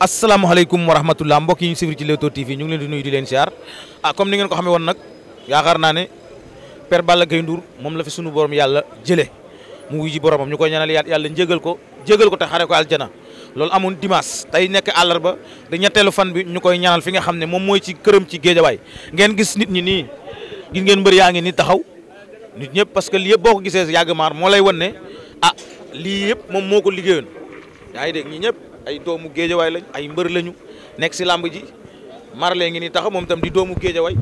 asalaamaaleykum wa rahmatullah mbokk yi ñu suivre ci Leewtoo TV ñu ngi leen di nuyu di leen siyaar ah comme ni ngeen ko xamee woon nag yaakaar naa ne Père Balla Gaye moom la fi sunu borom yàlla jëlee mu wuy ji boromam ñu koy ñaanal yàlla njégal ko jégal ko te xare ko aljana loolu amoon dimaas tey nekk àllarba di ñetteelu fan bi ñu koy ñaanal fi nga xam ne moom mooy ci këram ci géejawaay ngeen gis nit ñi nii gis ngeen mbër yaa ngi ni taxaw nit ñëpp parce que lii boo ko gisee yàgg maar moo lay wan ne ah lii yëpp moom moo ko liggéeyoon yaa ngi dégg ñëpp ay doomu géejawaay lañ ay mbër lañu nekk si làmb ji Marley ngi nii taxa moom itam di doomu géejawaay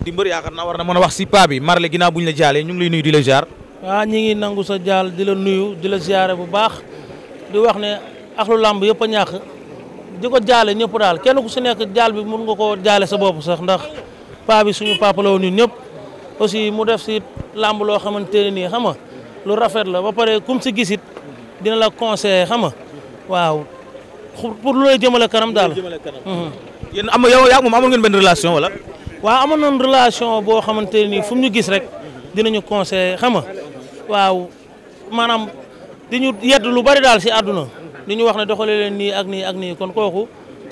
di mbër yaakaar naa war na mën a wax si paa bi Marley ginnaaw bu ñu jaale jaalee ñu ngi lay nuyu di la jaar. waaw ñi ngi nangu sa jaal di la nuyu di la ziare bu baax di wax ne axlu làmb yëpp a ñàkk di ko jaale ñëpp daal kenn ku si nekk jaal bi mun nga koo jaale sa bopp sax ndax paa bi suñu papa la ñëpp aussi mu def si làmb loo xamante ne nii lu rafet la ba pare pour lu lay jëmale kanam daal. Mhm. yéen am yow yaa moom amoon ngeen benn relation wala. waaw amoon nañ relation boo xamante nii fu ñu gis rek dinañu conseillé xam nga waaw maanaam di ñu yedd lu bari daal si àdduna di ñu wax ne doxalee leen nii ak nii ak nii kon kooku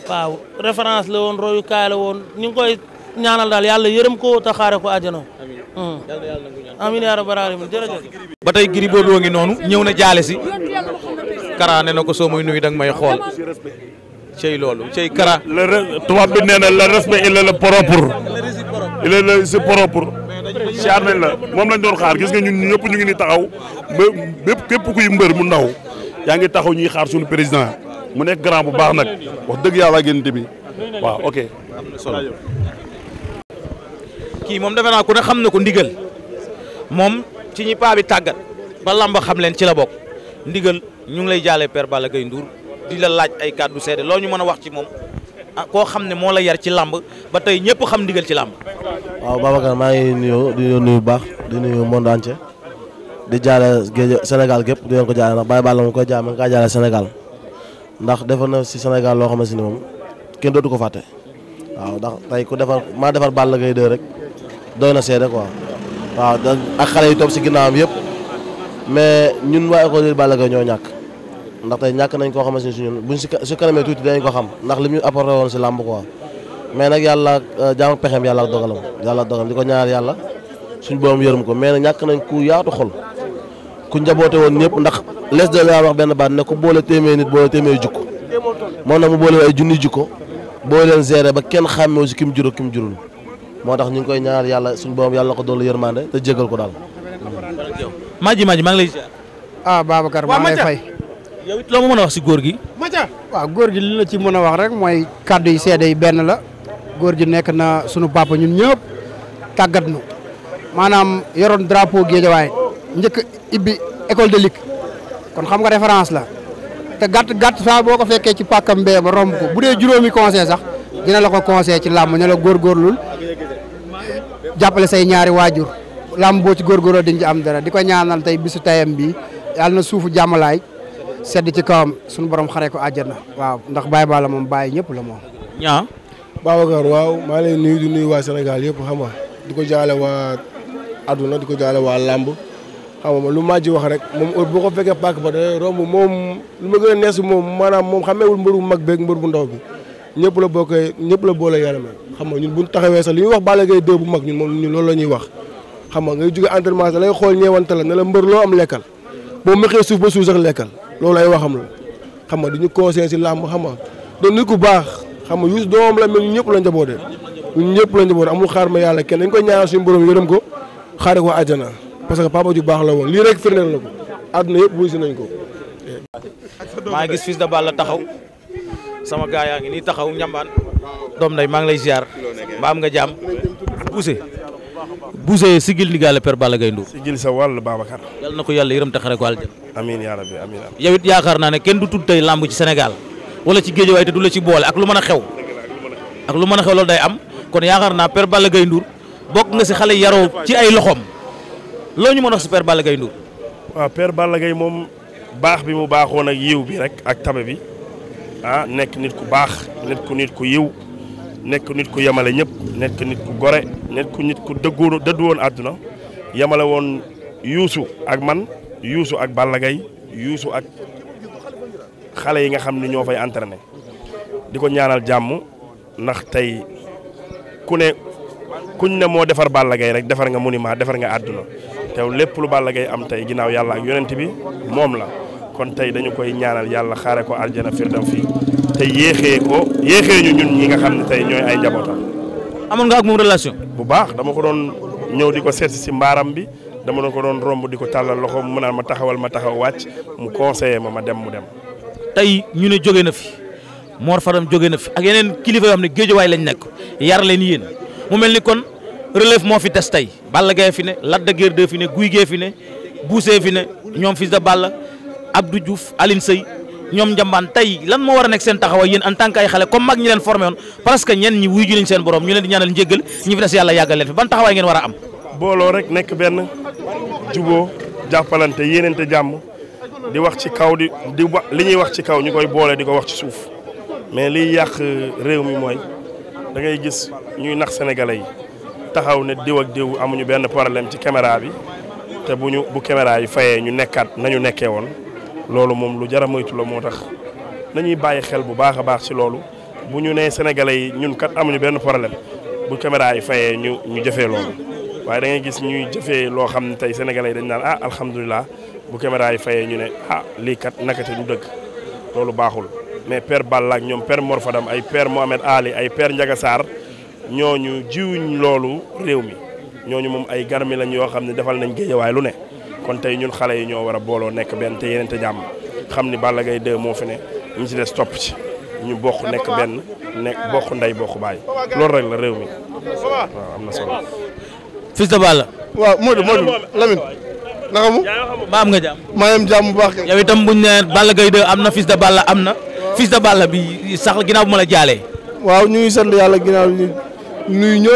waaw référence la woon royukaay la woon ñu ngi koy ñaanal daal yàlla yërëm ko te xaare ko àjjana. amiin mhm. amiin yaa rabbal aalamiin jërëjëf. ba tey Gris Bordeaux ngi noonu ñëw na jaale si. Kara ne na ko soo may nuyu danga may xool cey loolu cey Kara. le tubaab bi la na le respect il est le propre. il est la moom lañ doon xaar gis nga ñu ñëpp ñu ngi ni taxaw ba bépp képp kuy mbër mu ndaw yaa ngi taxaw ñuy xaar suñu président mu nekk grand bu baax nag wax dëgg yàlla génte bi waaw ok. kii moom defe naa ko ne xam na ko ndigal moom ci ñi paa tàggat ba lamba xam leen ci la bokk. ndigal ñu ngi lay jaalee Père Balla Gaye Ndour di la laaj ay kàddu seede loo ñu mën a wax ci moom koo xam ne moo la yar ci làmb ba tey ñëpp xam ndigal ci làmb. waaw Babacar maa ngi nuyu di bu baax di nuyu monde entier di jaale géej Sénégal gépp di leen ko jaale ndax Baye Balla moom koy jaale ma nga jaale ndax defar na si Sénégal loo xamante ni moom dootu ko fàtte waaw da tey ku defar maa defar Balla Gaye 2 rek doy na seede quoi waaw ak xale yi topp si am yëpp. mais ñun waa ko yi Balla ñoo ñàkk ndaxte ñàkk nañ koo xamante ne si ñun buñ si su kanamee tuuti ko xam ndax li mu ñu apporté woon si làmb ko mais nag yàlla euh, jaam pexem yàlla ak dogalam yàlla dogalam di ko ñaar yàlla suñ boom yërëm ko mais nag ñàkk nañ ku yaatu xol ku njaboote woon ñëpp ndax les de la wax benn baat ne ku boole téeméer nit boole téeméer jukko moo nag mu boole ay junni jukko boo leen gérer ba kenn xàmmeewu si kim juró kim jurul moo tax ñu ngi koy ñaanal yàlla suñ boom yàlla ko doolu yërmande te jégal ko daal Madji Madji maa ngi lay ziar. ah Babacar maa lay fay. yow it loo ma mën a wax si góor gi. waaw góor gi li la ci mën a wax rek mooy kaddu yi seede yi benn la góor gi nekk na sunu papa ñun ñëpp tàggat nu maanaam yoroon drapeau Guédiawaye njëkk ibbi école de ligue kon xam nga référence la te gàtt gat saa boo ko fekkee ci pàkkam mbee ba romb ko bu dee juróomi conseil sax dina la ko conseil ci làmb ne la góorgóorlul jàppale say ñaari waajur. làmb boo ci góorgóorloo di nga ci am dara di ko ñaanal tey bisu tayam bi yàlla na suufu jàmmalaay sedd ci kawam suñu borom xaree ko àjjana waaw ndax baay Balla moom Baye ñëpp la moom. ñaa. Babacar waaw maa ngi lay nuyu di nuyu waa yëpp xam nga di ko jaale waa aduna di ko jaale waa làmb xam nga lu maa ji wax rek moom boo ko fekkee pàcc ba day moom ma a nees moom maanaam moom xameewul mbër bu mag beeg mbër bu ndaw bi ñëpp la bokkee ñëpp la boole yaramee xam nga ñun bu ñu taxawee li wax Balla Gaye 2 bu mag ñun moom ñun loolu la ñuy wax xam nga ngay jóge entraînement da lay xool ñeewante la ne la mbër loo am lekkal boo mexee suuf ba suuf sax lekkal loolu ay waxam la xam nga duñu conseillé si làmb xam nga doon nit baax xam nga Youssou doomam la ñëpp la njabootee ñëpp la njabootee amul xaar ma yàlla kenn dañ koy ñaanal suñu borom yërëm ko xaare ko àjjana parce que papa ju baax la woon lii rek firndeel na ko àdduna yëpp wuy nañ ko maa gis Fils de Balla taxaw sama gaa yaa ngi nii taxaw ñambaan doom nay maa ngi lay ziar mbaam nga jaam poussé Bousse sigil ndigaale Père Balla Gaye Ndour sigil sa wàll Babacar yal na ko yàlla yërëm taxare ko aljana amiin yaa rabbi amiin yow it yaakaar naa ne kenn du tudd tey làmb ci Sénégal wala ci géejawaay te du la ci boole ak lu mën a xew ak lu mën a xew loolu day am kon yaakaar naa per Balla Gaye Ndour bokk na si xale yaroo ci ay loxoom loo ñu mën wax si Père Balla Gaye Ndour waaw Père Balla Gaye moom baax bi mu baaxoon ak yiw bi rek ak tabe bi ah nekk nit ku baax nit ku nit ku yiw nekk nit ku yemale ñëpp nekk nit ku gore nekk nit ku dëggu dëddu woon àdduna yemale woon yuusu ak man yuusu ak Balla Gaye yuusu ak xale yi nga xam ni ñoo fay entraîné di ko ñaanal jàmm ndax tey ku ne kuñ ne moo defar Balla rek defar nga monument defar nga àdduna te lépp lu Balla Gaye am tey ginnaaw yàlla ak yonent bi moom la kon tey dañu koy ñaanal yàlla xaare ko aljana firdam fii te yéexee ko yéexee ñu ñun ñi nga xam ne tey ñooy ay njabootam. amoon nga ak moom relation. bu baax dama ko doon ñëw di ko seet si mbaaram bi dama doon ko doon romb di ko tàllal loxo mu mën naan ma taxawal ma taxaw wàcc mu conseillé ma ma dem mu dem. tey ñu ne jóge na fi Mor Fadam jóge na fi ak yeneen kilifa yoo xam ne géejawaay lañ nekk yar leen yéen mu mel ni kon relève moo fi tes tey Balla gay fi ne Lac de Guiers 2 fi ne Gouye Gui fi ne Bousse fi ne ñoom fils de Balla Abdou Diouf ñoom njambaan tey lan moo war a nekk seen taxawaay yéen en tant que ay xale comme mag ñi leen formé parce que ñenn ñi wuy ju seen borom ñu leen di ñaanal njéggal ñi fi des yàlla yàggal leen fi ban taxawaay ngeen war a am booloo rek nekk benn juboo jàppalante yéenente jàmm di wax ci kaw di di li ñuy wax ci kaw ñu koy boolee di ko wax ci suuf mais liy yàq euh, réew mi mooy da ngay gis ñuy nax sénégalais yi taxaw ne diw ak diw amuñu benn problème ci caméra bi te bu ñu bu caméra yi fayee ñu nekkaat nañu nekkee woon loolu moom lu jara moytu la moo tax nañuy bàyyi xel bu baax a baax ci loolu bu ñu nee sénégalais yi ñun kat amuñu benn problème bu caméra yi fayee ñu ñu jëfee loolu. waaye da ngay gis ñuy jëfee loo xam ne tey sénégalais yi dañ naan ah alhamdulilah bu caméra yi fayee ñu ne ah lii kat nakate du dëgg loolu baaxul mais per Balla ak ñoom père Mor Fadam ay père Mohamed Ali ay père Ndiaga ñoo ñu jiwuñ loolu réew mi ñooñu moom ay garmi lañ yoo xam ne defal nañ géejawaay lu ne. kon tey ñun xale yi ñoo war a booloo nekk benn te yeneen te jàmm xam ni Balla gay 2 moo fi ne ñu si des topp ci ñu bokk nekk benn nekk bokk ndey bokk baay loolu rek la réew mi na solo. Fils de Balla. waaw Modou Modou Lamine. naka mu. ba am nga bu baax. yow itam buñ ne Balla Gaye am na Fils de Balla am na. Fils de Balla bi sax ginnaaw bu ma la jaalee. waaw ñu ngi sant yàlla ginnaaw ñu nuyu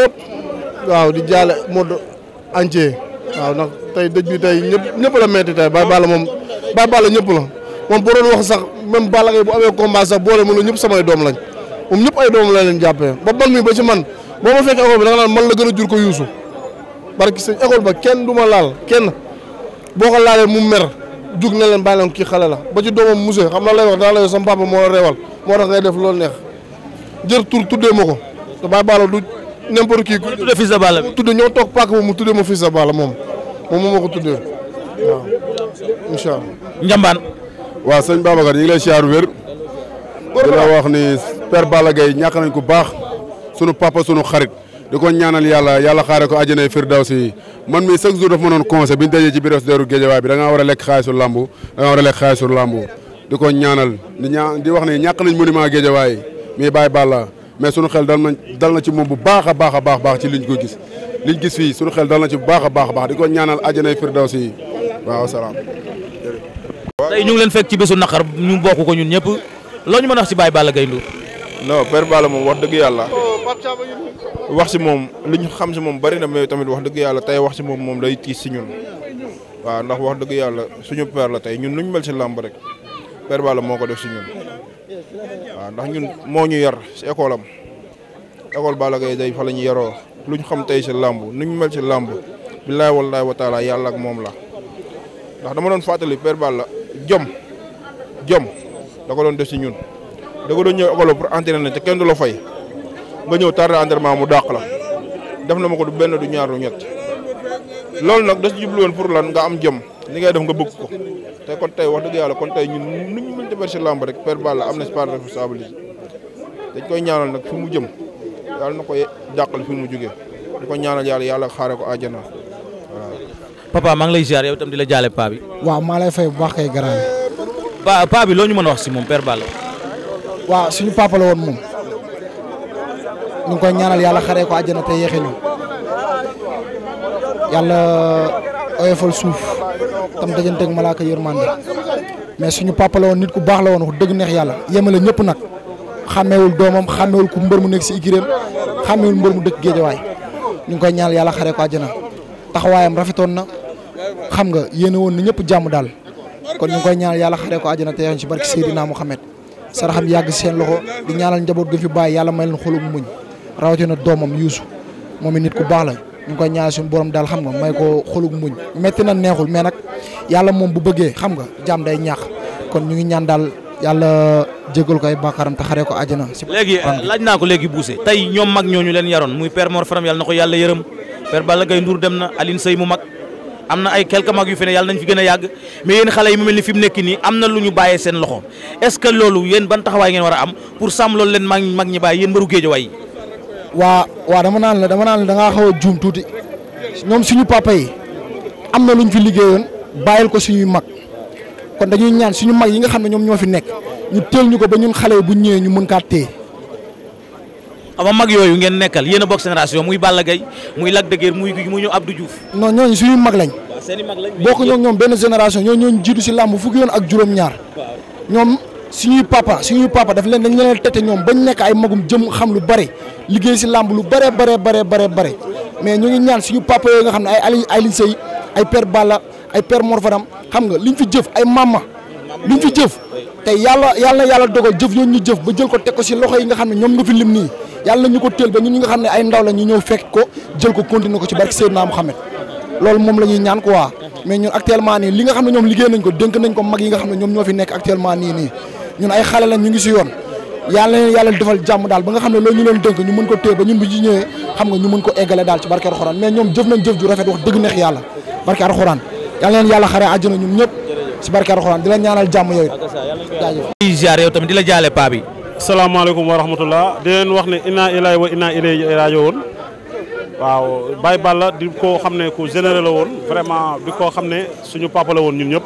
waaw di jaale Modou Antier. waaw ndax tey dëj bi tey ñëpp ñëpp la metti tey moom Baye Balla ñëpp la moom boo doon wax sax même Balla Gaye bu a jur kenn du ma laal kenn boo ko laalee mu mer jug ne leen bàyyi leen kii xale la ba ci doomam musée xam na lay wax la sama papa moo la reewal moo tax ngay def loolu neex jër tur tuddee ma ko te Baye du n'importe qui. ku tuddee Fils de Balla bi tuddee ñoo toog pàcc moom mu tuddee moom moom moo ko tuddee waaw incha allah. Njambaan. waaw sëñ Babacar ñu ngi lay siyaar wér. di wax ni père Balla Gaye ñàkk nañ ku baax sunu papa sunu xarit di ko ñaanal yàlla yàlla xaare ko àjjana firdawsi man mi chaque jour daf ma doon conseil bi ñu dajee ci biir deeru géejawaay bi da ngaa war a lekk xaalisu làmbu da ngaa war a lekk xaalisu làmbu di ko ñaanal di wax ni ñàkk nañ monument géejawaay mi Baye Balla mais sunu xel dal na dal ci moom bu baax a baax a baax ci liñ ko gis liñ gis fii sunu xel dal na ci bu baax a baax di ko ñaanal àjjanay firdawsi yi waaw salaam. tey ñu ngi leen fekk ci bésu naqar ñu bokk ko ñun ñëpp loo ñu mën a wax baay Baye Balla Gaye Ndour. non Père Balla moom wax dëgg yàlla oh, wax ci moom li ñu xam ci moom bari na mais tamit wax dëgg yàlla tey wax ci moom moom day tiis ci ñun waaw ndax wax dëgg yàlla suñu père la tey ñun lu ñu mel ci làmb rek Père Balla moo ko def ci ñun waaw ndax moo ñu yar ci école am école Balla Gaye day fa la ñu yaroo luñ xam tey si làmb ñu mel si làmb billaay wallaay wa taala yàlla ak moom la ndax dama doon fàttali Père Balla jom jom da ko doon def si ñun da ko doon ñëw école pour entraîner te kenn du la fay nga ñëw tardé entraînement mu dàq la def na ma ko du benn du ñaar du ñett loolu nag da si jublu woon pour lan nga am jom ni ngay def nga bëgg ko te kon tey wax dëgg yàlla kon tey ñun nuñ mën a defar si làmb rek Père Balla am na si part de dañ koy ñaanal nag mu jëm yàlla na koy dàqal fi mu jógee di ko ñaanal yàlla yàlla xaare ko àjjana papa maa ngi lay ziar yow itam di la jaale paa bi. waaw maa lay fay bu baax kay garaan. paa paa loo ñu mën a wax si moom Père Balla. waaw suñu papa woon moom. ñu ngi koy ñaanal yàlla xare ko àjjana te yéexe ñu yàlla oyofal suuf tam dajanteeg malaaka yërmande mais suñu papa la woon nit ku baax la woon wax dëgg neex yàlla yemale ñëpp nag. xàmmewul doomam xàmmewul ku mbër mu nekk si ikiréem xàmmewul mbër mu dëkk géejawaay ñu ngi koy ñaanal yàlla xaree ko àjjana taxawaayam rafetoon na xam nga yéene woon na ñëpp jàmm daal kon ñu koy ñaanal yàlla xaree ko àjjana te yañ si barki Seydina Mouhamed saraxam yàgg seen loxo di ñaanal njaboot gi fi bàyyi yàlla may leen xolu muñ rawatina doomam Youssou moom it nit ku baax la ñu ngi koy ñaanal suñu borom daal xam nga may ko xolug muñ metti na neexul mais nag yàlla moom bu bëggee xam nga jàmm day ñaax kon ñu ngi ñaan daal yàlla jégal ko ay bàkkaaram te xaree ko àjjana. léegi laaj naa ko léegi buuse tey ñoom mag ñooñu leen yaroon muy père Faram yàlla na ko yàlla yërëm père Balla Gaye Ndour dem na Aline Sey mu mag am na ay quelques mag yu fi ne yàlla nañ fi gën a yàgg mais yéen xale yi mu mel ni fi mu nii am na lu ñu bàyyee seen loxo est ce que loolu yéen ban taxawaay ngeen war a am pour sàmm loolu leen mag mag ñi bàyyi yéen mbaru géejawaay yi. waa waa dama naan a kon dañuy ñaan suñu mag yi nga xam ne ñoom ñoo fi nekk ñu teel ñu ko ba ñun xale yi bu ñëwee ñu mën kaa téye. ama mag yooyu ngeen nekkal yéen a bokk génération muy Balla Gaye muy Lac de muy muy mu ñëw Abdou Diouf. non ñooñu suñu mag lañ. waaw bokk ñoom ñoom benn génération ñooñu ñooñu jiitu si làmb fukki yoon ak juróom-ñaar. ñoom suñuy papa suñuy papa daf leen dañ leen tete ñoom bañ nekk ay magum jëm xam lu bare liggéey si làmb lu bare bare bare bare bare mais ñu ngi ñaan suñu papa yooyu nga xam ne ay Aliou ay Père Balla ay père Mor Fadam xam nga ñu fi jëf ay mama liñ fi jëf te yàlla yàlla na yàlla dogal jëf yooyu ñu jëf ba jël ko teg ko si loxo yi nga xam ne ñoom nga fi lim nii yàlla na ñu ko teel ba ñun ñi nga xam ne ay ndaw la ñu ñëw fekk ko jël ko continuer ko ci barke Seydina Mohamed loolu moom la ñuy ñaan quoi mais ñun actuellement li nga xam ne ñoom liggéey nañ ko dénk nañ ko mag yi ne ñoom ñoo fi nekk actuellement nii nii ñun ay xale lañ ñu ngi si yoon yàlla na jàmm daal ba nga xam ne loolu ñu leen dénk ñu mën ko téye ba ñun bu ñu ñëwee xam nga ñu mën ko eggale daal ci barke alxuraan mais ñoom jëf nañ jëf ju rafet wax dëgg neex yàlla barke alxuraan yal na leen yàlla xaree àjjana ñun ñëpp si barke Alxuraan di leen ñaanal jàmm yooyu jaajëf di yow tamit di la jaale paa bi salaamaaleykum wa rahmatullah di leen wax ne inna ilay wa inna ilay rajo woon waaw Baye Balla di ko xam ne ku généré la woon vraiment di ko xam ne suñu papa la woon ñun ñëpp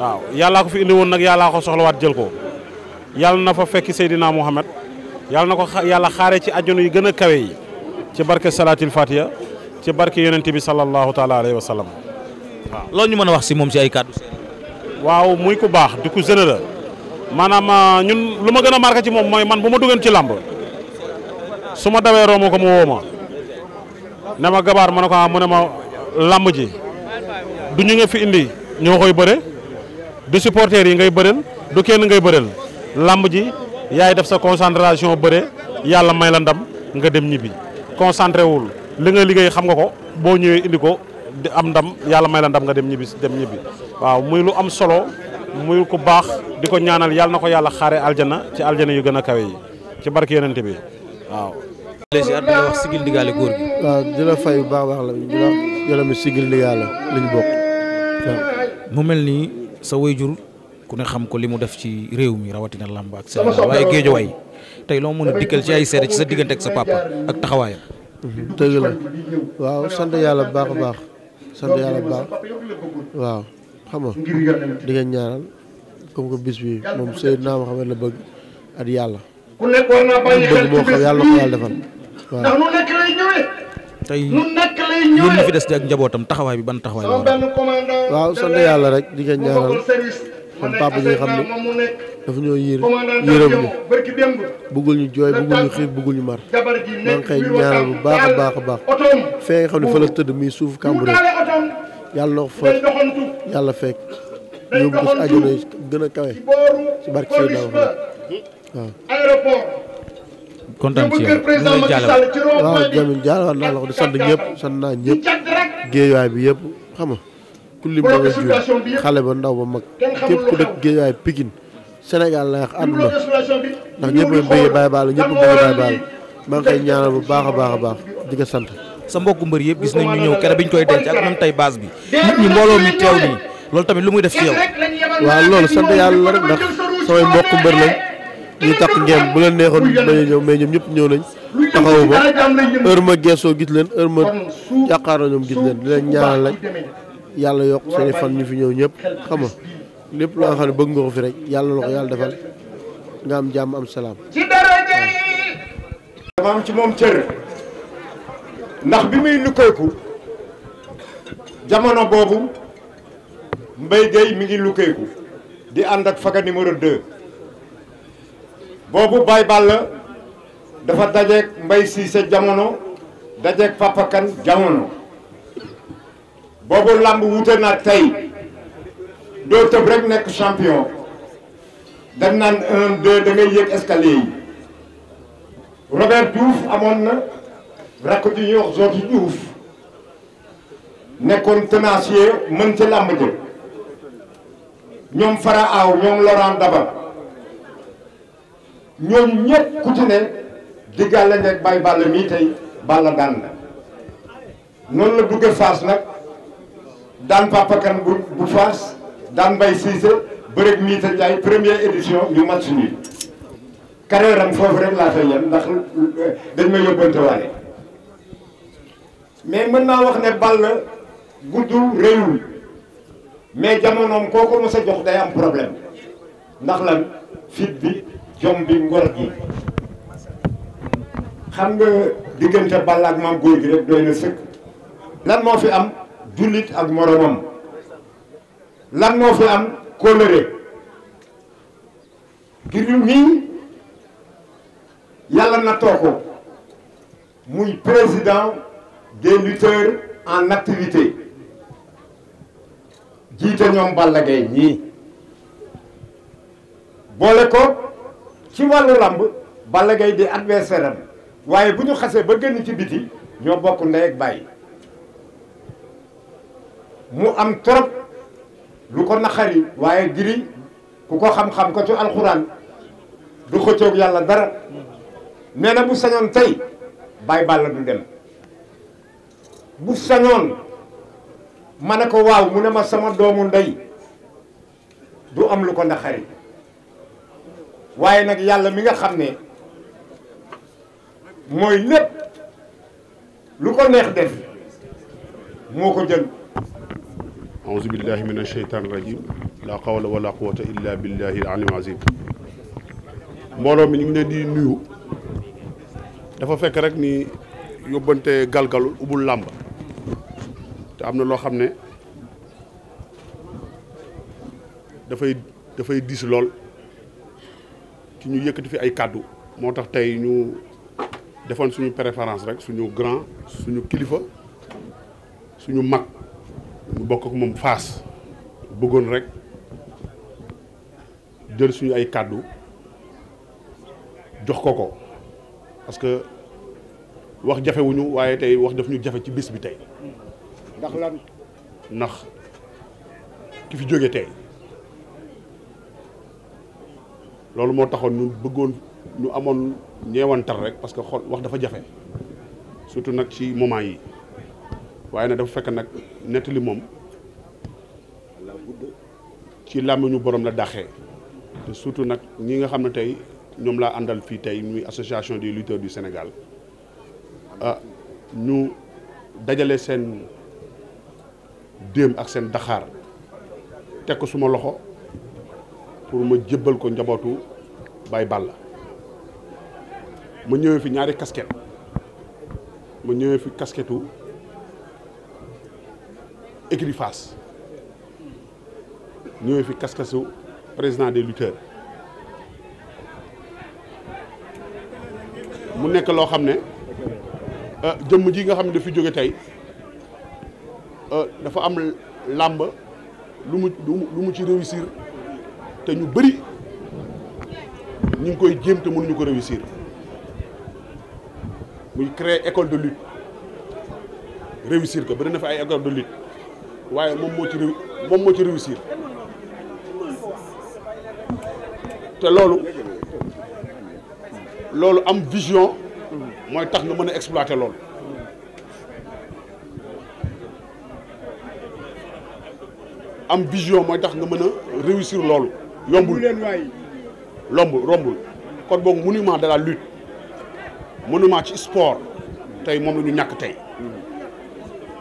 waaw yàllaa ko fi indi woon nag yàllaa ko soxlawaat jël ko yàlla na fa fekki Seydina Mouhamed yàlla na ko yàlla xaaree ci àjjana yi gën a kawe yi ci barke Salatil Fatiha ci barke yonente bi sallallahu taala alayhi loolu ñu mën a wax si moom si ay kàddu seen waaw muy ku baax di ku généreux maanaam ah, ñun lu ma gën a marqué ci moom mooy man bu ma duggoon ci làmb su ma dawee romb ko mu woo ma ne ma gabaar ne ko ah mu ne ma làmb ji du ñu nga fi indi ñoo koy bëre du supporters yi ngay bëreel du kenn ngay bëreel làmb ji yaay def sa concentration bëre yàlla may la ndam nga dem ñibbi concentré wul li nga liggéey xam nga ko boo ñëwee indi ko am ndam yàlla may la ndam nga dem ñibbi dem ñibbi waaw muy lu am solo muy ku baax di ko ñaanal yàlla na ko yàlla xaare aljana ci aljana yu gën a kawe yi ci barke yonente bi waaw léegi at wax sigil baax baax la di la yolami sigil ndigaale li ñu mel nii sa wayjur ku ne xam ko li mu def ci réew mi rawatina làmb ak Sénégal loo mën a dikkal ci ay ci sa diggante ak sa papa ak taxawaayam dëgg la waaw sant yàlla baax baax sant yàlla bu baax waaw xam nga di ngeen ñaanal comme bis bi moom Seydina Muhammad la bëgg at yàlla. ku nekk moo xam yàlla na defal waaw ndax nu nekk lay ñëwee. tey nu nekk lay ñëwee ñun ñu fi des di ak njabootam taxawaay bi ban taxawaay. waaw sant yàlla rek di ngeen kon papa ji nga xam ne dafa ñoo yër yërëm ñu bëggul ñu jooy bëggul ñu xiif bëggul ñu mar maa ngi koy bu baax baax baax fee nga xam ne fa la tëdd muy suuf kàmbure yàlla na ko fa yàlla fekk yóbbu ko si àjjana gën a kawe si barke si daaw waaw. ci yow li naa la ko di sant ñëpp sant naa ñëpp géeyaay bi yëpp xam kulli mbaa jiw xale ba ndaw ba mag képp ku dëkk Géejawaay Pikine Sénégal lay wax àdduna ndax ñëpp a bëggee Baye Balla ñëpp a bëggee Baye Balla maa koy ñaanal bu baax a baax a baax di ko sant. sa mbokku mbër yëpp gis nañ ñu ñëw keroog bi ñu koy denc ak même tey baas bi nit ñi mbooloo mi teew nii loolu tamit lu muy def ci yow. waaw loolu sant yàlla rek ndax samay mbokku mbër lañ ñu takk ngeen bu leen neexoon bañ a ñëpp ñëw nañ taxawu ma heure ma geesoo gis leen heure ma jàkkaaroo ñoom gis leen di leen ñaanal lañ yàlla yokk seen fan ñu fi ñëw ñëpp xam nga lépp loo xam ne bëgg nga ko fi rek yàlla la ko yàlla defal nga am jàmm am salaam. ci daraja yi. dama am ci moom cër ndax bi muy lukkeeku jamono boobu Mbaye Gueye mi ngi lukkeeku di ànd ak faga numéro 2 boobu Baye Balla dafa dajeeg Mbaye Cissé jamono dajeeg Papa jamono. boobu làmb wute na tey doo tëb rek nekk champion dañ naan yéeg escalier yi Robert Diouf amoon na rakk ji ñuy wax Georges Diouf nekkoon tenancier mën ca làmb ja ñoom Fara Aw ñoom Laurent Daba ñooñu ñëpp ku ci ne diggaale nekk Baye Balla mii tey Balla daan na noonu la dugge Fass nag daan Papa Kane bu bu Faas daan bay Cissé bëreeg Mita Ndiaye première édition yu match nii carrière foofu rek laa fay yem ndax eh, dañ ma yóbbante waale mais mën naa wax ne Balla guddul réyul mais jamonoom kooku mos a jox day am problème ndax lan fit bi jom bi ngor gi xam nga diggante Balla ak maam góor gi rek doy na sëkk lan moo fi am jullit ak moromam lan moo fi am kóllëre ki ñu nii yàlla na ko muy président des lutteurs en activité jiite ñoom Balla Gaye ñii boole ko ci wàllu làmb Balla Gaye di adversaire am waaye bu ñu xasee ba gën ci biti ñoo bokk ndey ak bàyyi mu am trop lu ko naqari waaye giri ku ko xam-xam ko ci alxuraan du xëccoog yàlla dara nee na bu sañoon tey bàyyi bàlla du dem bu sañoon ma ne ko waaw mu ne ma sama doomu ndey du am lu ko naxari waaye nag yàlla mi nga xam ne mooy lépp lu ko neex def moo ko jël auzu billahi min laa rajim la xawla wala quwata illa billahi al alim mbooloo mi ñu ngi leen di nuyu dafa fekk rek nii yóbbante galgalu ubul làmb te am na loo xam ne dafay dafay diis lool ci ñu yëkkati fi ay kàddu moo tax tey ñu defoon suñu préférence rek suñu grand suñu kilifa suñu mag ñu bokk ak moom faas bëggoon rek jël suñu ay kàddu jox ko ko parce que wax jafewuñu waaye tey wax daf ñu jafe ci bis bi tey ndax lan ndax ki fi jóge tey loolu moo taxoon ñu bëggoon ñu amoon ñeewantal rek parce que xol wax dafa jafe surtout nag ci moment yi waaye nag dafa fekk nag nettali moom ci làmmiñu boroom la daxee te surtout nag ñi nga xam ne tey ñoom laa àndal fii tey muy association des lutteurs du Sénégal a ah, ñu dajale seen déem ak seen daxaar teg ko suma loxo pour ma jébbal ko njabootu Baye Balla ma ñëwee fi ñaari casquette ma ñëwee fi kasketu écurie Fass ñëwee fi kascasu président des lutteurs mu nekk loo xam ne euh, jëmm ji nga xam ne dafi jóge tey euh, dafa am làmb lu mu lu mu ci réussir te ñu bëri ñu ngi koy jéem te mënuñu ko réussir muy créer école de lutte réussir ko bëri na fa ay école de lutte waaye moom moo ci moom moo ci réussir te loolu loolu am vision mooy tax nga mën a exploiter loolu am vision mooy tax nga mën a réussir loolu yombul lombul rombul kon boog monument de la lutte monument ci sport tey moom la ñàkk tey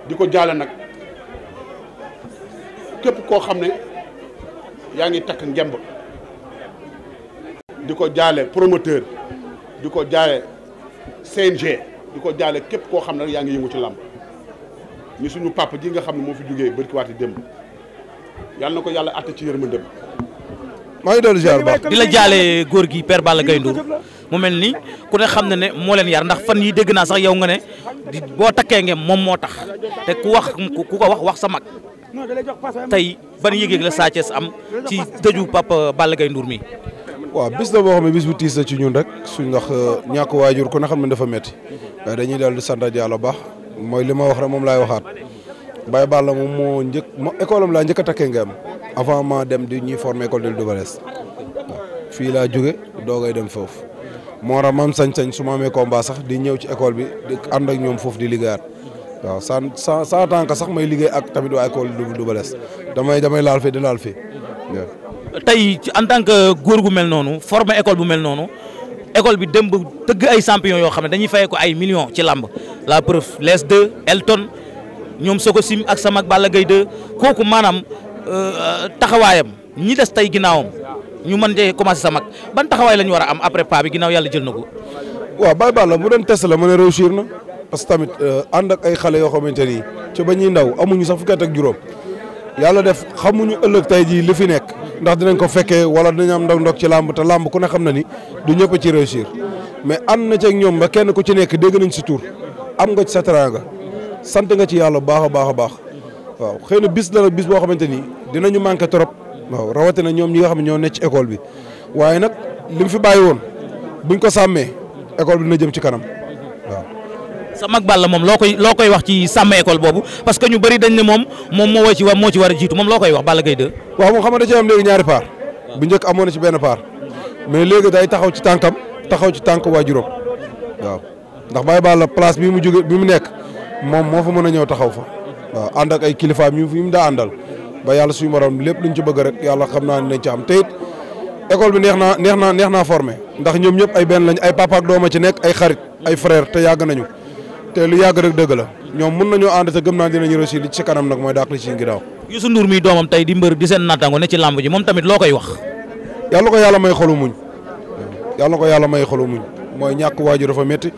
di ko jaale nag képp koo xam ne yaa ngi takk ngemb di ko jaale promoteur di ko jaale CNG di ko jaale képp koo xam ne rek yaa ngi yëngu ci làmb ni suñu papa ji nga xam ne moo fi jógee bërkiwaati démb yàlla na ko yàlla àtte ci yërmandëm maa ngi doon baax di la jaale góor gi Père Balla Gaye mu mel ni ku ne xam ne ne moo leen yar ndax fan yi dégg naa sax yow nga ne boo takkee ngeen moom moo tax te ku wax ku ko wax wax sa mag tey ban yëg-yëg la Sa am ci dëju Papa Balla Gaye mi. waaw bis la boo xam ne bis bu tiis la ci ñun rek suñ ndax euh, ñàkk waajur ko na xam ne dafa metti waaye dañuy daal di sant yàlla baax mooy li ma wax rek moom laay waxaat Baye Balla moom moo njëkk ma école am laa njëkk a takkee ngeen avant ma dem di ñuy former école de Louvares waaw fii laa jóge doogay dem foofu moo tax maam sañ-sañ su ma amee combat sax di ñëw ci école bi di ànd ak ñoom foofu di liggéeyaat. waaw sans sans sans tant que sax may liggéey ak tamit waa école du Double Less damay laal fi di laal fi tey en tant que góor gu mel noonu former école bu mel noonu école bi dem démb tëgg ay champion yoo xam ne dañuy fayee ko ay million ci làmb la preuve Less 2 Elton ñoom soo ko sim ak sama ak Balla Gaye 2 kooku maanaam euh, taxawaayam ñi des tey ginnaawam ñu mën cee commencé sa mag ban taxawaay la war a am après pas bi ginnaaw yàlla jël na ko. waaw Baye Balla bu doon test la parce que tamit euh, ànd ak ay xale yoo xamante ni ci ba ñuy ndaw amuñu sax fukki at ak juróom yàlla def xamuñu ëllëg tey jii li fi nekk ndax dinañ ko fekkee wala dinañ am ndog ndog ci làmb te ku ne xam na ni du ñëpp ci réussir mais ànd na ci ñoom ba kenn ku ci nekk dégg nañ si tur am nga ci sa teraanga sant nga ci yàlla baax a baax a baax waaw xëy na bis la nag bis boo xamante ni dinañu manqué trop waaw rawatina ñoom ñi nga xam ne ñoo nekk ci école bi waaye nag li mu fi bàyyi woon buñ ko sàmmee école bi dina jëm ci kanam. sa mag Balla moom loo koy loo koy wax ci sàmm école boobu parce que ñu bëri dañ moom moom moo ci war moo ci war a jiitu moom loo koy wax Balla amoon na benn paar mais léegi day taxaw ci tànkam taxaw ci tànk waajuram waaw ndax Baye Balla place bi mu jóge bi mu nekk moom moo fa mën a ñëw taxaw fa waaw ànd ak ay kilifa yu mu daa àndal ba yàlla suñu borom lépp luñ ci bëgg rek yàlla xam naa ne nañ am te it école bi neex naa neex naa neex ndax ñoom ñëpp ay benn lañ ay papa ak dooma ci nekk ay xarit ay frère te yàgg nañu te lu yàgg rek dëgg la ñoom mun nañoo ànd te gëm naa dinañu réussir li ci kanam nag mooy dàq li ci ginnaaw. Youssou Ndour mi doomam tey di mbër di seen naataango ne ci làmb ji moom tamit loo koy wax. yàlla ko yàlla may xolu muñ yàlla ko yàlla may xolu muñ mooy ñàkk waajur dafa métti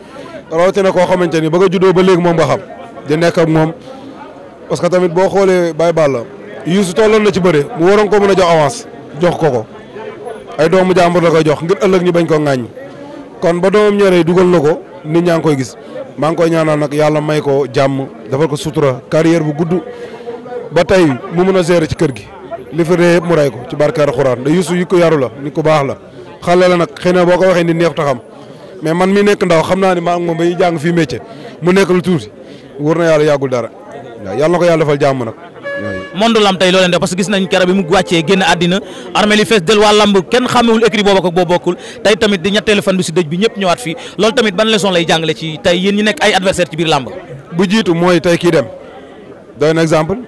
rawatina koo xamante ni ba nga juddoo ba léegi moom nga xam di nekk ak moom parce tamit boo xoolee Baye Balla Youssou tolloon na ci bëre mu waroon ko mën a jox avance jox ko ko ay doomu jàmbur la koy jox ngir ëllëg ñu bañ ko ŋàññ kon ba doomam ñoree dugal na ko nit ñaa ngi koy gis maa ngi koy ñaanal nag yàlla may ko jàmm defal ko sutura carrière bu gudd ba tey mu mun a gérer ci kër gi li fi dee mu rey ko ci barkeer xuraan da yusu yi ko yaru la ni ko baax la xale la nag xëy na boo ko waxee ni neex ta xam mais man mi nekk ndaw xam naa ne maa ngi moom ba ñuy jàng fii métier mu nekk lu tuuti wóor na yàlla yàggul dara waaw yàlla ko yàlla defal jàmm nag monde lam tey loo leen def parce que gis nañ kera bi mu wàccee génn àddina armée li fees del waa lamb kenn xàmmewul écrit boobu ak boo bokkul tey tamit di ñetteelu fan bi si dëj bi ñëpp ñëwaat fii loolu tamit ban leçon lay jàngale ci tey yéen ñi nekk ay adversaire ci biir làmb bu jiitu mooy tey kii dem doy na exemple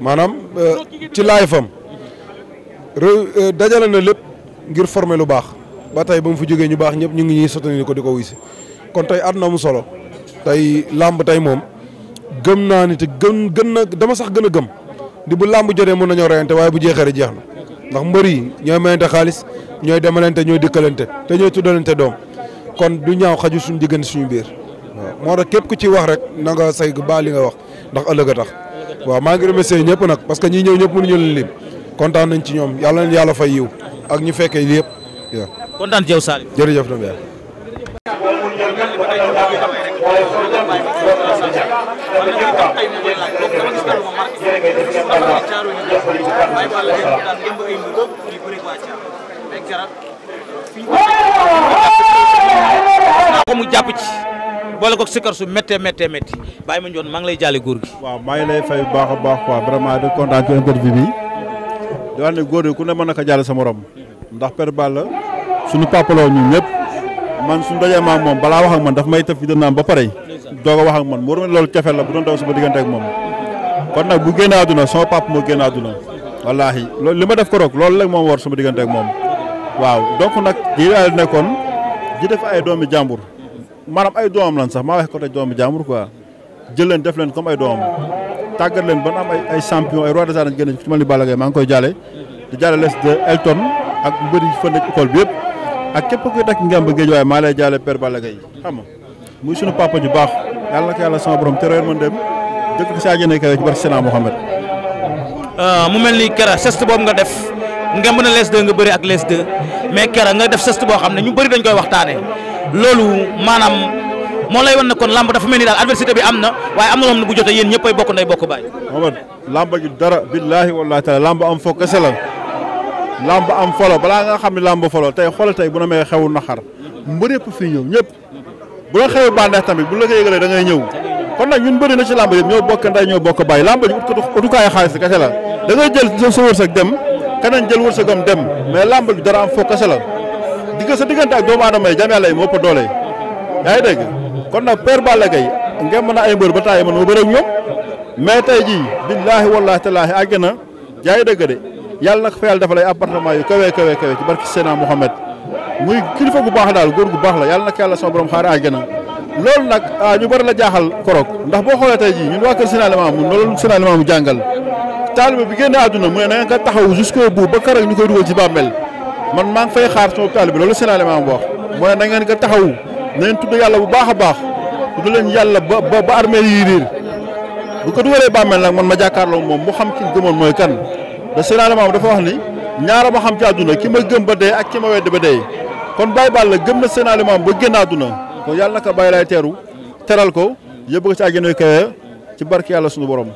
maanaam euh, ci laay fam euh, dajale na lépp ngir former lu baax ba tey ba mu fi jógee ñu baax ñëpp ñu ngi ñuy soutenir ko di ko si kon tey àdduna mu solo tey làmb tey moom gëm naa ni te gën gën na dama sax gën a gëm di bu làmb jotee mën nañoo reyante waaye bu jeexee rek jeex na ndax mbër yi ñooy mayante xaalis ñooy demalante ñooy dikkalante te ñooy tuddalante doom kon du ñaaw xaju suñu diggante suñu biir moo tax képp ku ci wax rek na nga say ba li nga wax ndax ëllëg a tax waaw maa ngi remercier ñëpp nag parce que ñi ñëw ñëpp mënuñu leen lim kontaan nañ ci ñoom yàlla yàlla fay yiw ak ñu fekkee yëpp kontaan ci yow Salim. jërëjëf Ndeye. waaye ko a jàng da nga jël kaw yéen ngay def ngeen tànn mu jàpp ci boole ko sikar su méttee méttee métti bàyyi ma njoon maa ngi lay jaale góor gi. waaw maa ngi lay fay bu baax a baax quoi vraiment di kontaan ci interview bi di wax ne góor yi ku ne mën na ko jaale sa morom ndax Père Balla suñu papa la ñun man suñu dajee maam moom balaa wax ak man daf may tëf fi naam ba pare doog a wax ak man moo doon loolu cofeel la bu doon daw sama diggante ak moom kon nag bu génn àdduna sama pap moo génn àdduna wallaahi loolu li ma def ko roog loolu rek moom war sama diggante ak moom waaw donc nag yi daal nekkoon ji def jël leen def leen comme ay doomam tàggat leen ba am ay ay champion ay roi des arènes génn ci ma ni Balla Gaye maa ngi koy jàlle di jàlle les de Elton ak mbëri ak képp kuy takk ngemb géej waaye maa lay jaale Père Balla Gaye xam nga muy sunu papa ju baax yàlla na ko yàlla sama borom tereer man dem dëkk ko si àjjana kawe ci barke Seydina Mohamed. Ah, mu mel ni kera geste boobu nga def ngemb na les deux nga bëri ak les deux mais kera nga def sest boo xam ne ñu bëri dañ koy waxtaanee loolu maanaam moo lay wan ne kon lamb dafa mel ni daal adversité bi am na waaye am na loo xam ne bu jotee yéen ñëpp ay bokk nday bokk baay. Mohamed lamb gi dara billaahi wallaahi taala lamb am foog kese la làmb am folo balaa nga xam ne làmb folo tey xoolal tey bu na mee xewu naxar mbër yëpp fii ñëw ñëpp bu la xewu bànneex tamit bu la ko yëgalee da ngay ñëw kon nag ñun bëri na ci làmb yëpp ñoo bokk nday ñoo bokk bàyyi làmb ji utukaayu xaalis kese la da ngay jël sa wërsëg dem keneen jël wërsëgam dem mais làmb bi dara am foo kese la digg sa diggante ak doomu aadama yi jam yi moo ëpp doole yaa ngi dégg kon nag Père Balla Gaye ngeen mën a ay mbër ba ma bëre ak mais tey jii billaahi wallaahi talaahi àgg na yaa ngi dégg de yàlla nag fa yàlla dafa lay appartement yu kawe kawe kawe ci barki Sénat Mohamed muy kilifa gu baax daal góor gu baax la yàlla nag yàlla sama borom xaar àjjana loolu nag ah, ñu bari la jaaxal korok ndax boo xoolee tey jii ñun waa kër Sénat Limamou loolu Sénat Limamou jàngal taalibe bi génn àdduna mu ne na nga taxaw jusqu'au bout ba keroog ñu koy dugal ci bàmmeel man maa ngi fay xaar sama taalibe loolu Sénat Limamou wax mu ne na ngeen yàlla bu baax a baax leen yàlla ba ba ba armée yi riir bu ko dugalee bàmmeel nag man ma jàkkaarloo moom mu xam ki gëmoon mooy kan da Seydina Limaamu dafa wax ni ñaara ma xam ci àdduna ki ma gëm ba dee ak ki ma wedd ba dee kon Baye la gëm na Seydina Limaamu ba génn àdduna kon yàlla na ko lay teeru teral ko yóbbu ko ci àjjana kawe ci barke yàlla sunu borom.